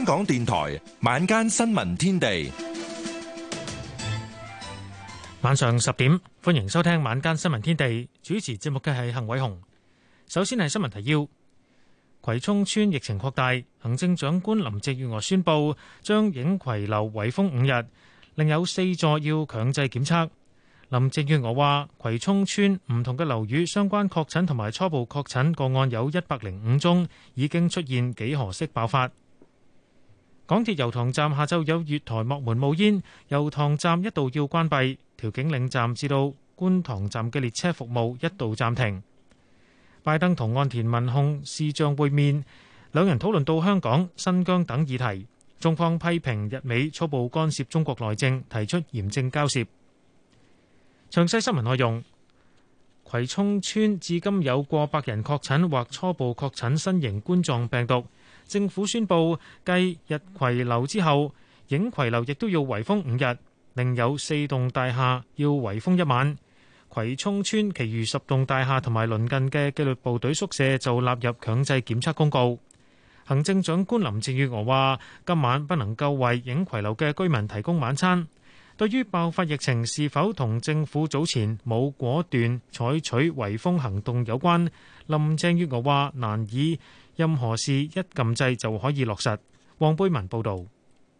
香港電台晚間新聞天地，晚上十點，歡迎收聽晚間新聞天地。主持節目嘅係幸偉雄。首先係新聞提要：葵涌村疫情擴大，行政長官林鄭月娥宣布將影葵樓圍封五日，另有四座要強制檢測。林鄭月娥話：葵涌村唔同嘅樓宇相關確診同埋初步確診個案有一百零五宗，已經出現幾何式爆發。港鐵油塘站下晝有月台幕門冒煙，油塘站一度要關閉；調景嶺站至到觀塘站嘅列車服務一度暫停。拜登同岸田文雄視像會面，兩人討論到香港、新疆等議題，中方批評日美初步干涉中國內政，提出嚴正交涉。詳細新聞內容：葵涌村至今有過百人確診或初步確診新型冠狀病毒。政府宣布，繼日葵樓之後，影葵樓亦都要圍封五日，另有四棟大廈要圍封一晚。葵涌村其餘十棟大廈同埋鄰近嘅紀律部隊宿舍就納入強制檢測公告。行政長官林鄭月娥話：今晚不能夠為影葵樓嘅居民提供晚餐。對於爆發疫情是否同政府早前冇果斷採取圍封行動有關，林鄭月娥話難以。任何事一撳掣就可以落實。黃貝文報導，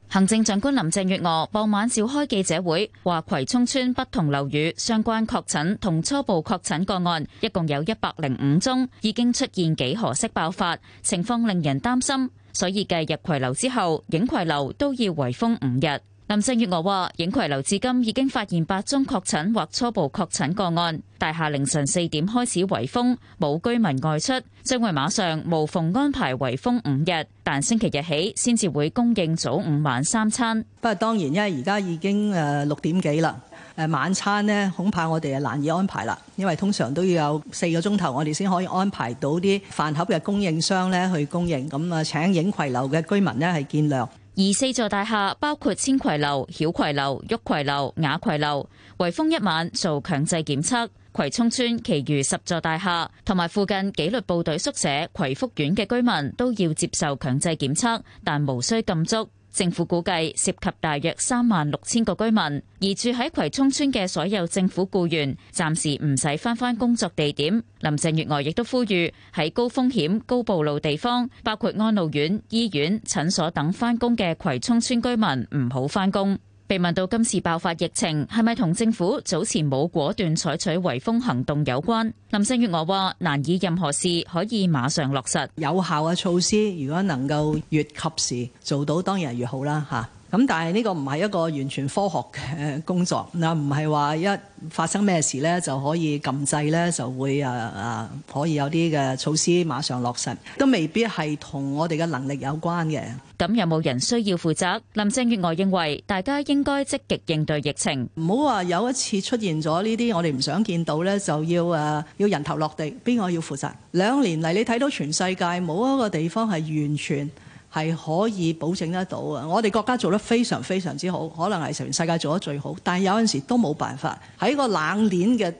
行政長官林鄭月娥傍晚召開記者會，話葵涌村不同樓宇相關確診同初步確診個案一共有一百零五宗，已經出現幾何式爆發，情況令人擔心，所以繼日葵樓之後，影葵樓都要圍封五日。林鄭月娥話：影葵樓至今已經發現八宗確診或初步確診個案，大廈凌晨四點開始圍封，冇居民外出。將會馬上無縫安排圍封五日，但星期日起先至會供應早午晚三餐。不過當然，因為而家已經誒六點幾啦，誒晚餐呢恐怕我哋啊難以安排啦，因為通常都要有四個鐘頭我哋先可以安排到啲飯盒嘅供應商呢去供應，咁啊請影葵樓嘅居民呢係見諒。而四座大廈包括千葵樓、曉葵樓、郁葵樓、雅葵樓，圍封一晚做強制檢測。葵涌村其餘十座大廈同埋附近紀律部隊宿舍葵福苑嘅居民都要接受強制檢測，但無需禁足。政府估計涉及大約三萬六千個居民，而住喺葵涌村嘅所有政府雇員暫時唔使翻返工作地點。林鄭月娥亦都呼籲喺高風險、高暴露地方，包括安老院、醫院、診所等翻工嘅葵涌村居民唔好翻工。被問到今次爆發疫情係咪同政府早前冇果斷採取圍封行動有關，林鄭月娥話：難以任何事可以馬上落實有效嘅措施，如果能夠越及時做到，當然係越好啦嚇。咁但係呢個唔係一個完全科學嘅工作，嗱唔係話一發生咩事咧就可以禁制咧就會啊啊可以有啲嘅措施馬上落實，都未必係同我哋嘅能力有關嘅。咁有冇人需要負責？林鄭月娥認為大家應該積極應對疫情，唔好話有一次出現咗呢啲我哋唔想見到咧，就要誒、啊、要人頭落地，邊個要負責？兩年嚟你睇到全世界冇一個地方係完全係可以保證得到啊。我哋國家做得非常非常之好，可能係全世界做得最好。但係有陣時都冇辦法喺個冷鏈嘅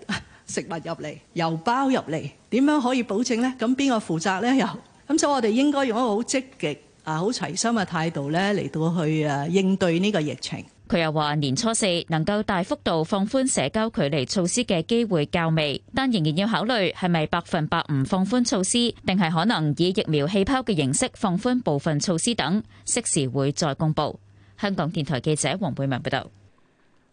食物入嚟、郵包入嚟，點樣可以保證呢？咁邊個負責呢？又咁，所以我哋應該用一個好積極啊、好齊心嘅態度咧嚟到去誒應對呢個疫情。佢又話：年初四能夠大幅度放寬社交距離措施嘅機會較微，但仍然要考慮係咪百分百唔放寬措施，定係可能以疫苗氣泡嘅形式放寬部分措施等，適時會再公布。香港電台記者黃貝文報道。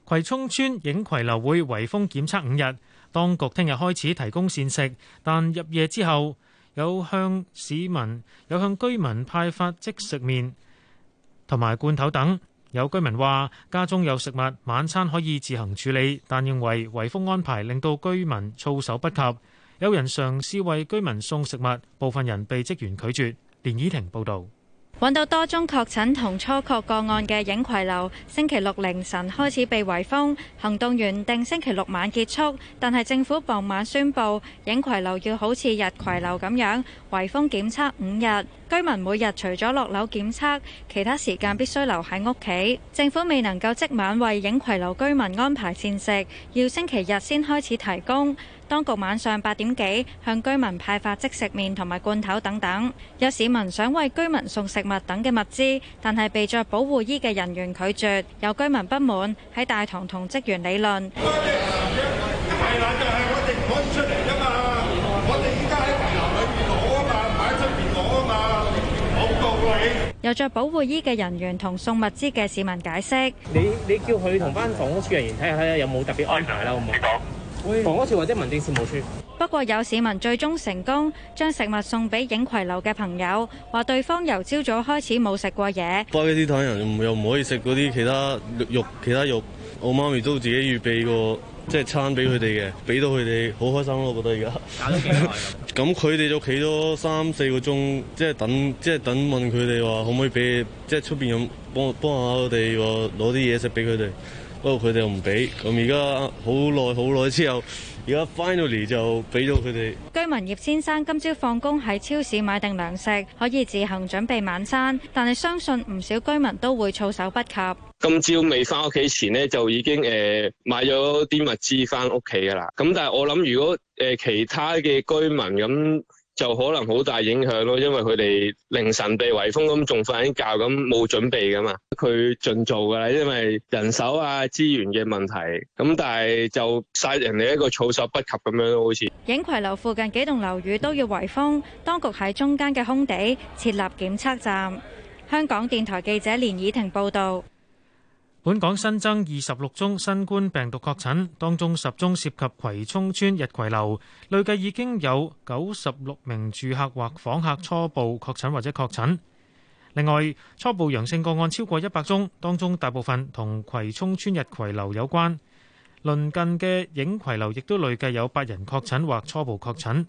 葵涌村影葵樓會圍封檢測五日，當局聽日開始提供膳食，但入夜之後有向市民有向居民派發即食麵同埋罐頭等。有居民話：家中有食物，晚餐可以自行處理，但認為圍封安排令到居民措手不及。有人嘗試為居民送食物，部分人被職員拒絕。連倚婷報導。搵到多宗確診同初確個案嘅影葵樓，星期六凌晨開始被圍封。行動原定星期六晚結束，但係政府傍晚宣布影葵樓要好似日葵樓咁樣圍封檢測五日。居民每日除咗落樓檢測，其他時間必須留喺屋企。政府未能夠即晚為影葵樓居民安排膳食，要星期日先開始提供。當局晚上八點幾向居民派發即食麵同埋罐頭等等，有市民想為居民送食物等嘅物資，但係被著保護衣嘅人員拒絕，有居民不滿喺大堂同職員理論。我哋依家喺大堂裏面攞啊嘛，唔喺出面攞啊嘛，冇道理。有著保護衣嘅人員同送物資嘅市民解釋：你你叫佢同翻防控處人員睇下睇下有冇特別安排啦，好唔好？房屋或者民政事務處。不過有市民最終成功將食物送俾映葵樓嘅朋友，話對方由朝早開始冇食過嘢。巴基斯坦人又唔可以食嗰啲其他肉，其他肉，我媽咪都自己預備個即係餐俾佢哋嘅，俾到佢哋好開心咯，啊、我覺得而家。搞咗幾耐咁佢哋就企咗三四個鐘，即係等，即係等問佢哋話可唔可以俾，即係出邊有幫幫下我哋攞啲嘢食俾佢哋。不過佢哋又唔俾，咁而家好耐好耐之後，而家 finally 就俾到佢哋。居民葉先生今朝放工喺超市買定糧食，可以自行準備晚餐，但係相信唔少居民都會措手不及。今朝未翻屋企前咧，就已經誒、呃、買咗啲物資翻屋企噶啦。咁但係我諗，如果誒、呃、其他嘅居民咁。就可能好大影響咯，因為佢哋凌晨被圍封咁，仲瞓緊覺咁，冇準備噶嘛，佢盡做噶啦，因為人手啊、資源嘅問題，咁但係就曬人哋一個措手不及咁樣咯，好似影葵樓附近幾棟樓宇都要圍封，當局喺中間嘅空地設立檢測站。香港電台記者連以婷報導。本港新增二十六宗新冠病毒確診，當中十宗涉及葵涌邨日葵樓，累計已經有九十六名住客或訪客初步確診或者確診。另外，初步陽性個案超過一百宗，當中大部分同葵涌邨日葵樓有關。鄰近嘅影葵樓亦都累計有八人確診或初步確診。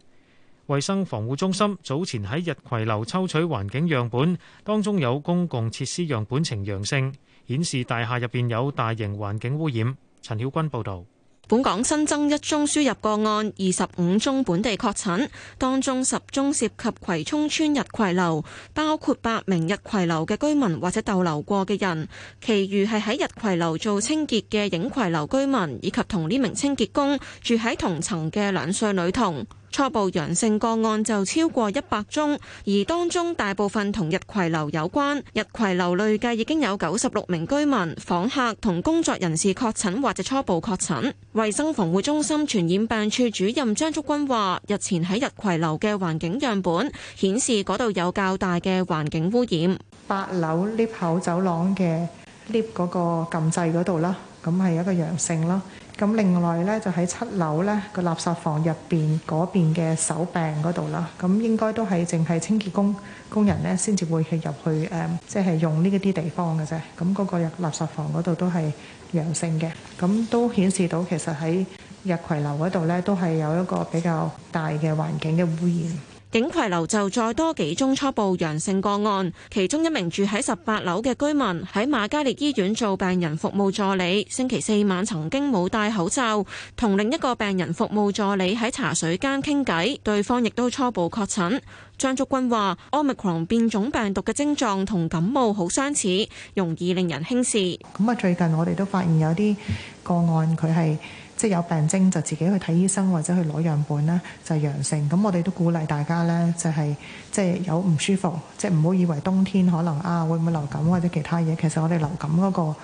衛生防護中心早前喺日葵樓抽取環境樣本，當中有公共設施樣本呈陽性，顯示大廈入邊有大型環境污染。陳曉君報道。本港新增一宗輸入個案，二十五宗本地確診，當中十宗涉及葵涌村日葵樓，包括八名日葵樓嘅居民或者逗留過嘅人，其餘係喺日葵樓做清潔嘅影葵樓居民，以及同呢名清潔工住喺同層嘅兩歲女童。初步陽性個案就超過一百宗，而當中大部分同日葵樓有關。日葵樓累計已經有九十六名居民、訪客同工作人士確診或者初步確診。衛生防護中心傳染病處主任張竹君話，日前喺日葵樓嘅環境樣本顯示嗰度有較大嘅環境污染。八樓 lift 口走廊嘅 lift 嗰個禁制嗰度啦，咁係一個陽性啦。咁另外咧就喺七樓咧、嗰個垃圾房入邊嗰邊嘅手柄嗰度啦，咁應該都係淨係清潔工工人咧先至會去入去誒，即、嗯、係、即係、用呢一啲地方嘅啫。咁、咁、嗰個入垃圾房嗰度都係陽性嘅，咁都顯示到其實喺日葵樓嗰度咧都係有一個比較大嘅環境嘅污染。警葵樓就再多幾宗初步陽性個案，其中一名住喺十八樓嘅居民喺瑪嘉烈醫院做病人服務助理，星期四晚曾經冇戴口罩同另一個病人服務助理喺茶水間傾偈，對方亦都初步確診。張竹君話，奧密克戎變種病毒嘅症狀同感冒好相似，容易令人輕視。咁啊，最近我哋都發現有啲個案佢係。即係有病徵就自己去睇醫生或者去攞樣本啦，就係陽性。咁我哋都鼓勵大家呢，就係即係有唔舒服，即係唔好以為冬天可能啊會唔會流感或者其他嘢。其實我哋流感嗰、嗰個、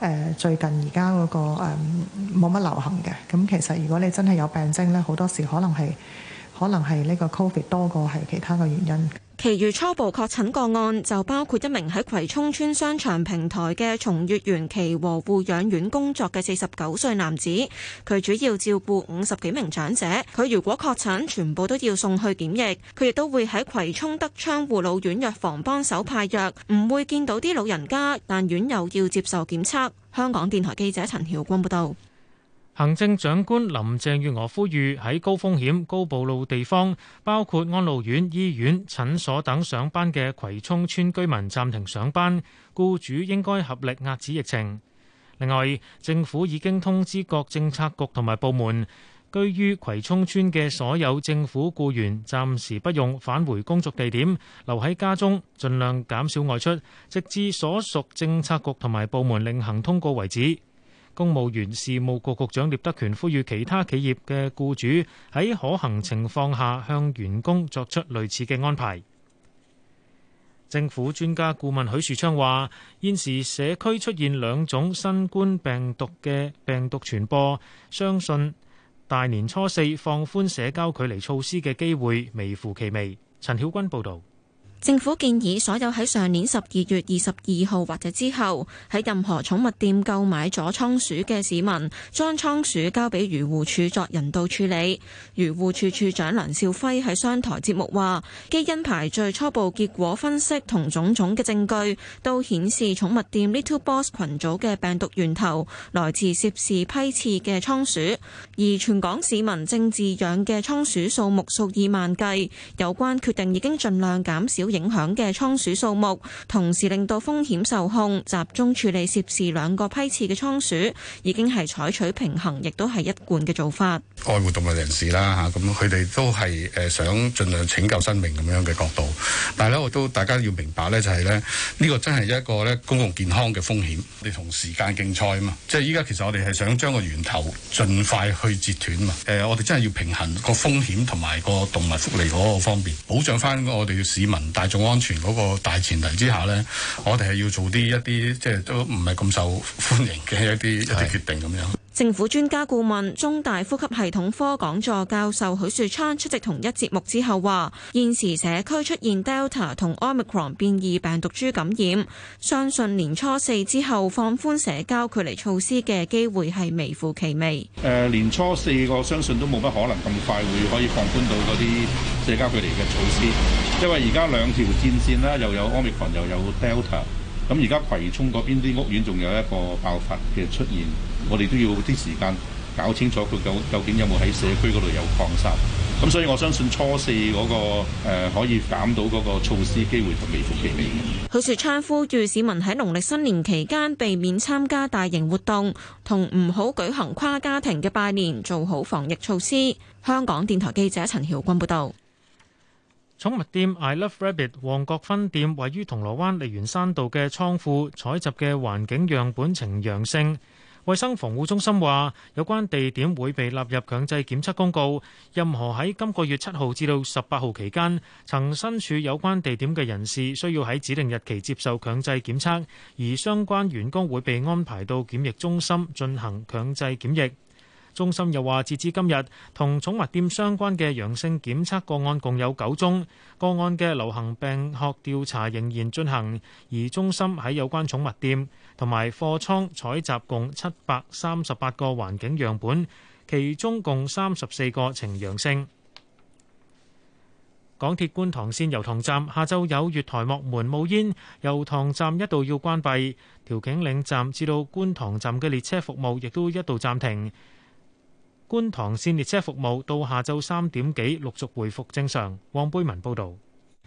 呃、最近而家嗰個冇乜、呃、流行嘅。咁其實如果你真係有病徵呢，好多時可能係可能係呢個 Covid 多過係其他嘅原因。其餘初步確診個案就包括一名喺葵涌村商場平台嘅松月園奇和護養院工作嘅四十九歲男子，佢主要照顧五十幾名長者，佢如果確診，全部都要送去檢疫，佢亦都會喺葵涌德昌護老院藥房幫手派藥，唔會見到啲老人家，但院友要接受檢測。香港電台記者陳曉光報道。行政長官林鄭月娥呼籲喺高風險、高暴露地方，包括安老院、醫院、診所等上班嘅葵涌村居民暫停上班，雇主應該合力遏止疫情。另外，政府已經通知各政策局同埋部門，居於葵涌村嘅所有政府雇員暫時不用返回工作地點，留喺家中，盡量減少外出，直至所屬政策局同埋部門另行通告為止。公務員事務局局長聶德權呼籲其他企業嘅雇主喺可行情況下向員工作出類似嘅安排。政府專家顧問許樹昌話：現時社區出現兩種新冠病毒嘅病毒傳播，相信大年初四放寬社交距離措施嘅機會微乎其微。陳曉君報道。政府建議所有喺上年十二月二十二號或者之後喺任何寵物店購買咗倉鼠嘅市民，將倉鼠交俾漁護署作人道處理。漁護署署長梁肇輝喺商台節目話：基因排序初步結果分析同種種嘅證據都顯示寵物店 Little Boss 群組嘅病毒源頭來自涉事批次嘅倉鼠。而全港市民正飼養嘅倉鼠數目數以萬計，有關決定已經盡量減少影響嘅倉鼠數目，同時令到風險受控，集中處理涉事兩個批次嘅倉鼠，已經係採取平衡，亦都係一貫嘅做法。愛護動物人士啦，吓咁佢哋都係誒想盡量拯救生命咁樣嘅角度。但係咧，我都大家要明白咧、就係，就係咧呢個真係一個咧公共健康嘅風險。你同 時間競賽啊嘛，即係依家其實我哋係想將個源頭盡快去截斷啊嘛。誒，我哋真係要平衡個風險同埋個動物福利嗰個方面，保障翻我哋嘅市民。大眾安全嗰個大前提之下咧，我哋係要做啲一啲即係都唔係咁受歡迎嘅一啲一啲決定咁樣。政府專家顧問、中大呼吸系統科講座教授許樹昌出席同一節目之後話：現時社區出現 Delta 同 Omicron 變異病毒株感染，相信年初四之後放寬社交距離措施嘅機會係微乎其微。誒、呃，年初四我相信都冇乜可能咁快會可以放寬到嗰啲社交距離嘅措施，因為而家兩條戰線啦，又有 Omicron 又有 Delta，咁而家葵涌嗰邊啲屋苑仲有一個爆發嘅出現。我哋都要啲時間搞清楚佢究究竟有冇喺社區嗰度有擴散。咁所以我相信初四嗰、那個、呃、可以減到嗰個措施機會同微乎其微。許樹昌呼籲市民喺農曆新年期間避免參加大型活動，同唔好舉行跨家庭嘅拜年，做好防疫措施。香港電台記者陳曉君報導。寵物店 I Love Rabbit 旺角分店位於銅鑼灣利園山道嘅倉庫採集嘅環境樣本呈陽性。衛生防護中心話，有關地點會被納入強制檢測公告，任何喺今個月七號至到十八號期間曾身處有關地點嘅人士，需要喺指定日期接受強制檢測，而相關員工會被安排到檢疫中心進行強制檢疫。中心又話，截至今日，同寵物店相關嘅陽性檢測個案共有九宗。個案嘅流行病學調查仍然進行，而中心喺有關寵物店同埋貨倉採集共七百三十八個環境樣本，其中共三十四個呈陽性。港鐵觀塘線油塘站下晝有月台幕門冒煙，油塘站一度要關閉。調景嶺站至到觀塘站嘅列車服務亦都一度暫停。觀塘綫列車服務到下晝三點幾陸續回復正常。黃貝文報道，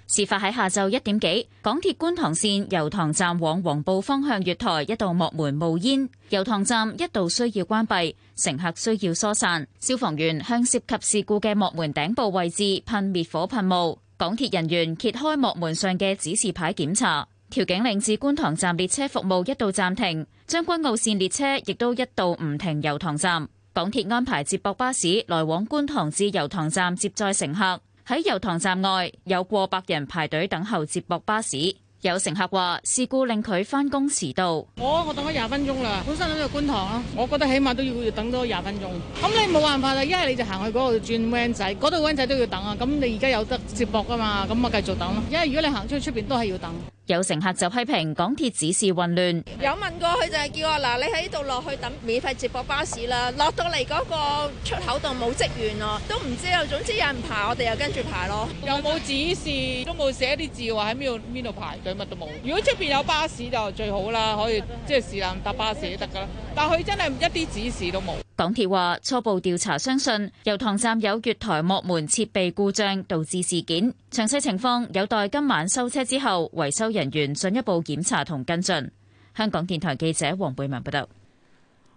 事發喺下晝一點幾，港鐵觀塘綫油塘站往黃埔方向月台一度幕門冒煙，油塘站一度需要關閉，乘客需要疏散。消防員向涉及事故嘅幕門頂部位置噴滅火噴霧，港鐵人員揭開幕門上嘅指示牌檢查。調景嶺至觀塘站列車服務一度暫停，將軍澳綫列車亦都一度唔停油塘站。港鐵安排接駁巴士來往觀塘至油塘站接載乘客，喺油塘站外有過百人排隊等候接駁巴士。有乘客話：事故令佢返工遲到。我我等咗廿分鐘啦，本身諗住觀塘，我覺得起碼都要要等多廿分鐘。咁你冇辦法啦，一係你就行去嗰度轉彎仔，嗰度彎仔都要等啊。咁你而家有得接駁噶嘛？咁啊繼續等咯。因為如果你行出去出邊都係要等。有乘客就批評港鐵指示混亂，有問過佢就係叫我嗱，你喺度落去等免費接駁巴士啦，落到嚟嗰個出口度冇職員咯，都唔知啊。總之有人排，我哋又跟住排咯。又冇指示，都冇寫啲字話喺邊度邊度排隊，對乜都冇。如果出邊有巴士就最好啦，可以是即係是但搭巴士都得噶啦。但係佢真係一啲指示都冇。港鐵話初步調查相信油塘站有月台幕門設備故障導致事件，詳細情況有待今晚收車之後維修人員進一步檢查同跟進。香港電台記者黃貝文報道。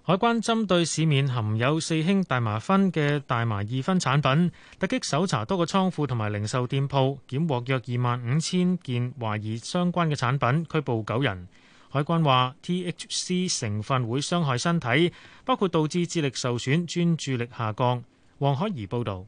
海關針對市面含有四氫大麻酚嘅大麻二酚產品，突擊搜查多個倉庫同埋零售店鋪，檢獲約二萬五千件懷疑相關嘅產品，拘捕九人。海關話，THC 成分會傷害身體，包括導致智力受損、專注力下降。黃海怡報導，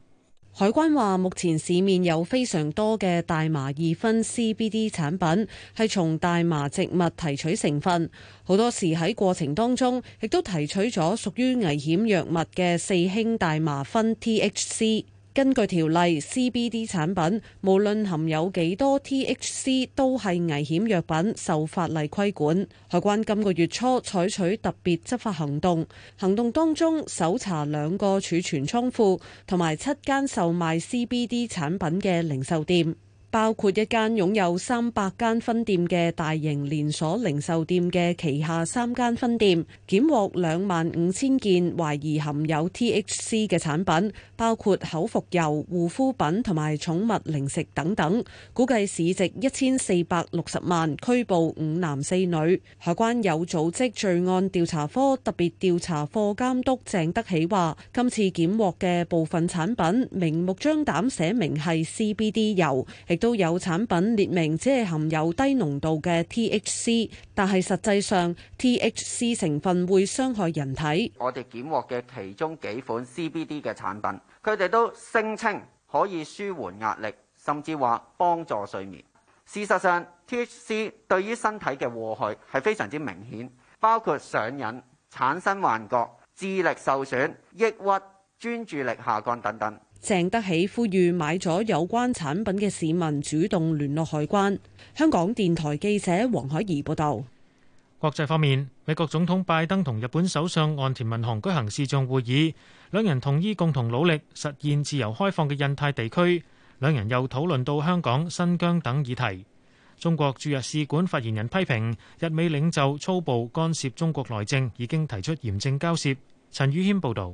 海關話，目前市面有非常多嘅大麻二酚 CBD 產品，係從大麻植物提取成分，好多時喺過程當中亦都提取咗屬於危險藥物嘅四氫大麻酚 THC。根據條例，CBD 產品無論含有幾多 THC，都係危險藥品，受法例規管。海關今個月初採取特別執法行動，行動當中搜查兩個儲存倉庫同埋七間售賣 CBD 產品嘅零售店。包括一間擁有三百間分店嘅大型連鎖零售店嘅旗下三間分店，檢獲兩萬五千件懷疑含有 THC 嘅產品，包括口服油、護膚品同埋寵物零食等等，估計市值一千四百六十萬。拘捕五男四女。海關有組織罪案調查科特別調查課監督鄭德喜話，今次檢獲嘅部分產品明目張膽寫明係 CBD 油。都有產品列明即係含有低濃度嘅 THC，但係實際上 THC 成分會傷害人體。我哋檢獲嘅其中幾款 CBD 嘅產品，佢哋都聲稱可以舒緩壓力，甚至話幫助睡眠。事實上，THC 對於身體嘅禍害係非常之明顯，包括上癮、產生幻覺、智力受損、抑鬱、專注力下降等等。鄭德喜呼籲買咗有關產品嘅市民主動聯絡海關。香港電台記者黃海怡報道。國際方面，美國總統拜登同日本首相岸田文雄舉行視像會議，兩人同意共同努力實現自由開放嘅印太地區。兩人又討論到香港、新疆等議題。中國駐日使館發言人批評日美領袖粗暴干涉中國內政，已經提出嚴正交涉。陳宇謙報道。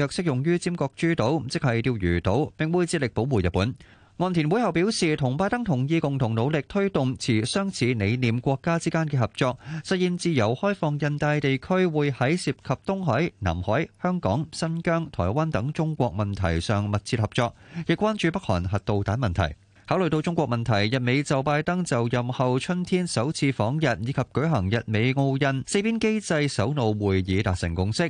若適用於尖閣諸島，即係釣魚島，並會致力保護日本。岸田會後表示，同拜登同意共同努力推動持相似理念國家之間嘅合作，實現自由開放印太地區。會喺涉及東海、南海、香港、新疆、台灣等中國問題上密切合作，亦關注北韓核導彈問題。考慮到中國問題，日美就拜登就任後春天首次訪日，以及舉行日美澳印四邊機制首腦會議達成共識。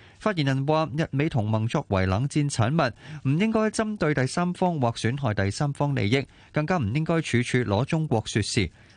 發言人話：日美同盟作為冷戰產物，唔應該針對第三方或損害第三方利益，更加唔應該處處攞中國説事。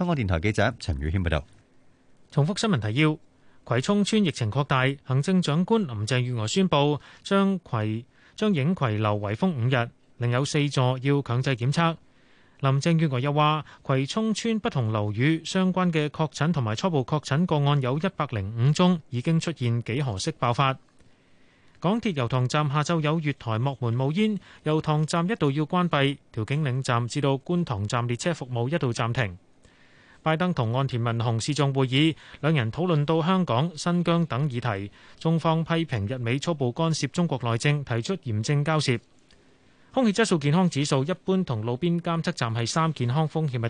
香港電台記者陳宇謙報道。重複新聞提要：葵涌村疫情擴大，行政長官林鄭月娥宣布將葵將影葵樓圍封五日，另有四座要強制檢測。林鄭月娥又話，葵涌村不同樓宇相關嘅確診同埋初步確診個案有一百零五宗，已經出現幾何式爆發。港鐵油塘站下晝有月台幕門冒煙，油塘站一度要關閉，調景嶺站至到觀塘站列車服務一度暫停。拜登同岸田文雄視像會議，兩人討論到香港、新疆等議題。中方批評日美初步干涉中國內政，提出嚴正交涉。空氣質素健康指數一般同路邊監測站係三，健康風險係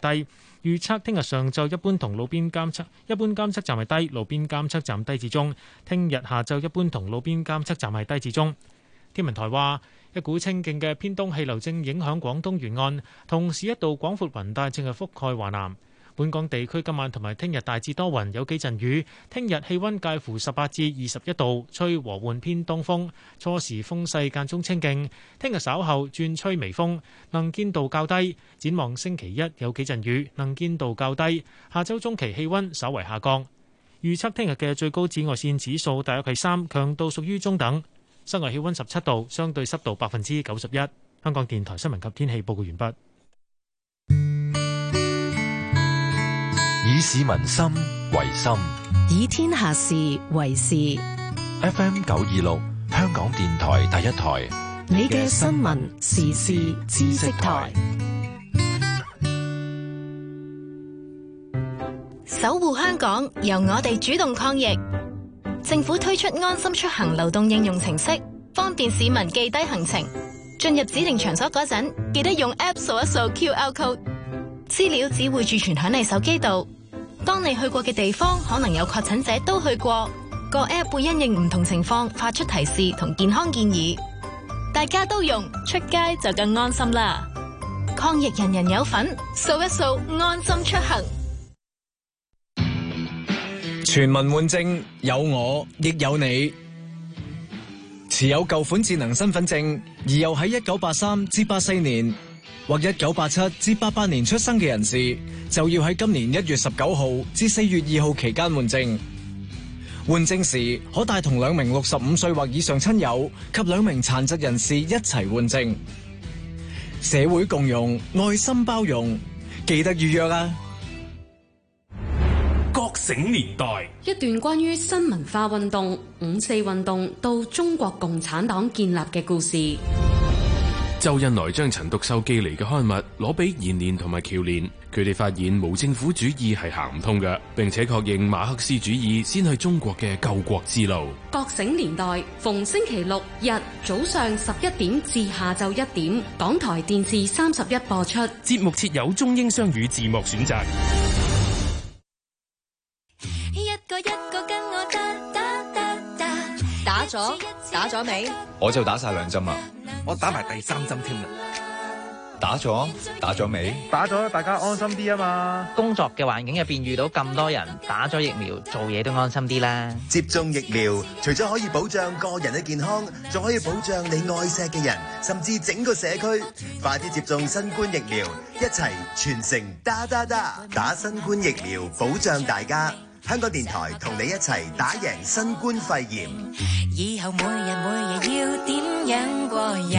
低。預測聽日上晝一般同路邊監測一般監測站係低，路邊監測站低至中。聽日下晝一般同路邊監測站係低至中。天文台話，一股清勁嘅偏東氣流正影響廣東沿岸，同時一道廣闊雲帶正係覆蓋華南。本港地區今晚同埋聽日大致多雲，有幾陣雨。聽日氣溫介乎十八至二十一度，吹和緩偏東風，初時風勢間中清勁，聽日稍後轉吹微風，能見度較低。展望星期一有幾陣雨，能見度較低。下周中期氣溫稍為下降。預測聽日嘅最高紫外線指數大約係三，強度屬於中等。室外氣溫十七度，相對濕度百分之九十一。香港電台新聞及天氣報告完畢。以市民心為心，以天下事為事。FM 九二六，香港電台第一台，你嘅新聞時事知識台。守護香港，由我哋主動抗疫。政府推出安心出行流動應用程式，方便市民記低行程。進入指定場所嗰陣，記得用 App 掃一掃 QR Code，資料只會儲存響你手機度。當你去過嘅地方可能有確診者都去過，個 App 會因應唔同情況發出提示同健康建議，大家都用出街就更安心啦！抗疫人人有份，掃一掃安心出行。全民換證，有我亦有你。持有舊款智能身份證，而又喺一九八三至八四年。或一九八七至八八年出生嘅人士，就要喺今年一月十九號至四月二號期間換證。換證時可帶同兩名六十五歲或以上親友及兩名殘疾人士一齊換證。社會共融，愛心包容，記得預約啊！覺醒年代，一段關於新文化運動、五四運動到中國共產黨建立嘅故事。周恩來將陳獨秀寄嚟嘅刊物攞俾延年同埋喬年，佢哋發現無政府主義係行唔通嘅，並且確認馬克思主義先係中國嘅救國之路。覺醒年代逢星期六日早上十一點至下晝一點，港台電視三十一播出。節目設有中英雙語字幕選擇。一個一個。咗打咗未？我就打晒兩針啦，我打埋第三針添啦。打咗打咗未？打咗，大家安心啲啊嘛！工作嘅環境入邊遇到咁多人，打咗疫苗做嘢都安心啲啦。接種疫苗，除咗可以保障個人嘅健康，仲可以保障你愛錫嘅人，甚至整個社區。快啲接種新冠疫苗，一齊全城打打打，打新冠疫苗保障大家。香港電台同你一齊打贏新冠肺炎。以後每日每夜要點樣過，由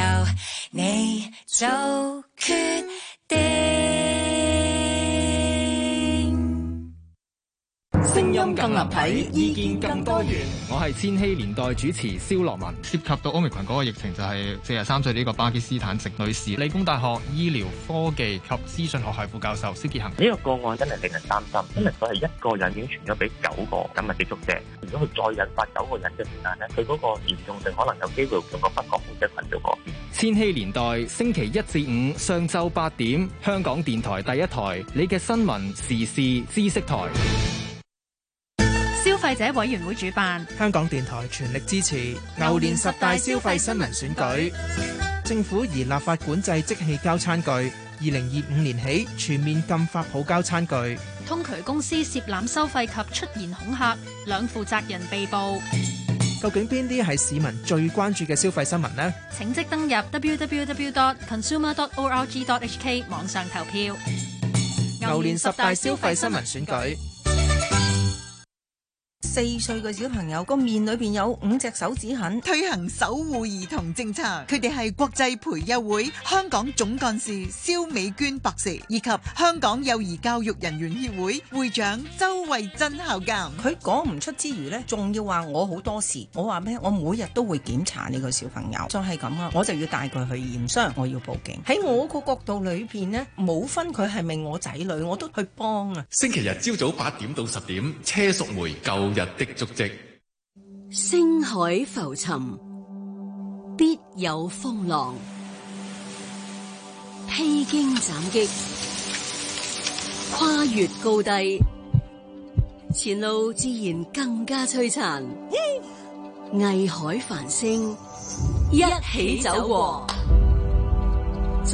你做決定。聲音更立體，意見更多元。我係千禧年代主持蕭樂文。涉及到 Omicron 嗰個疫情就係四十三歲呢個巴基斯坦籍女士，理工大學醫療科技及資訊學系副教授蕭傑恒。呢個個案真係令人擔心，因為佢係一個人已經傳咗俾九個，咁嘅接觸者。如果佢再引發九個人嘅時間呢，佢嗰個嚴重性可能有機會仲過不降患者群度嗰邊。千禧年代星期一至五上晝八點，香港電台第一台，你嘅新聞時事知識台。消費者委員會主辦，香港電台全力支持牛年十大消費新聞選舉。政府擬立法管制即棄膠餐具，二零二五年起全面禁發泡膠餐具。通渠公司涉濫收費及出言恐嚇，兩負責人被捕。究竟邊啲係市民最關注嘅消費新聞呢？請即登入 www.consumer.org.hk 網上投票。牛年十大消費新聞選舉。四歲嘅小朋友個面裏邊有五隻手指痕。推行守護兒童政策。佢哋係國際培幼會香港總幹事蕭美娟博士，以及香港幼兒教育人員協會會長周慧珍校監。佢講唔出之餘呢，仲要話我好多事。我話咩？我每日都會檢查呢個小朋友。就係咁啊，我就要帶佢去驗傷，我要報警。喺我個角度裏邊呢，冇分佢係咪我仔女，我都去幫啊。星期日朝早八點到十點，車淑梅舊的足跡，星海浮沉，必有風浪，披荊斬棘，跨越高低，前路自然更加璀璨，藝海繁星，一起走過。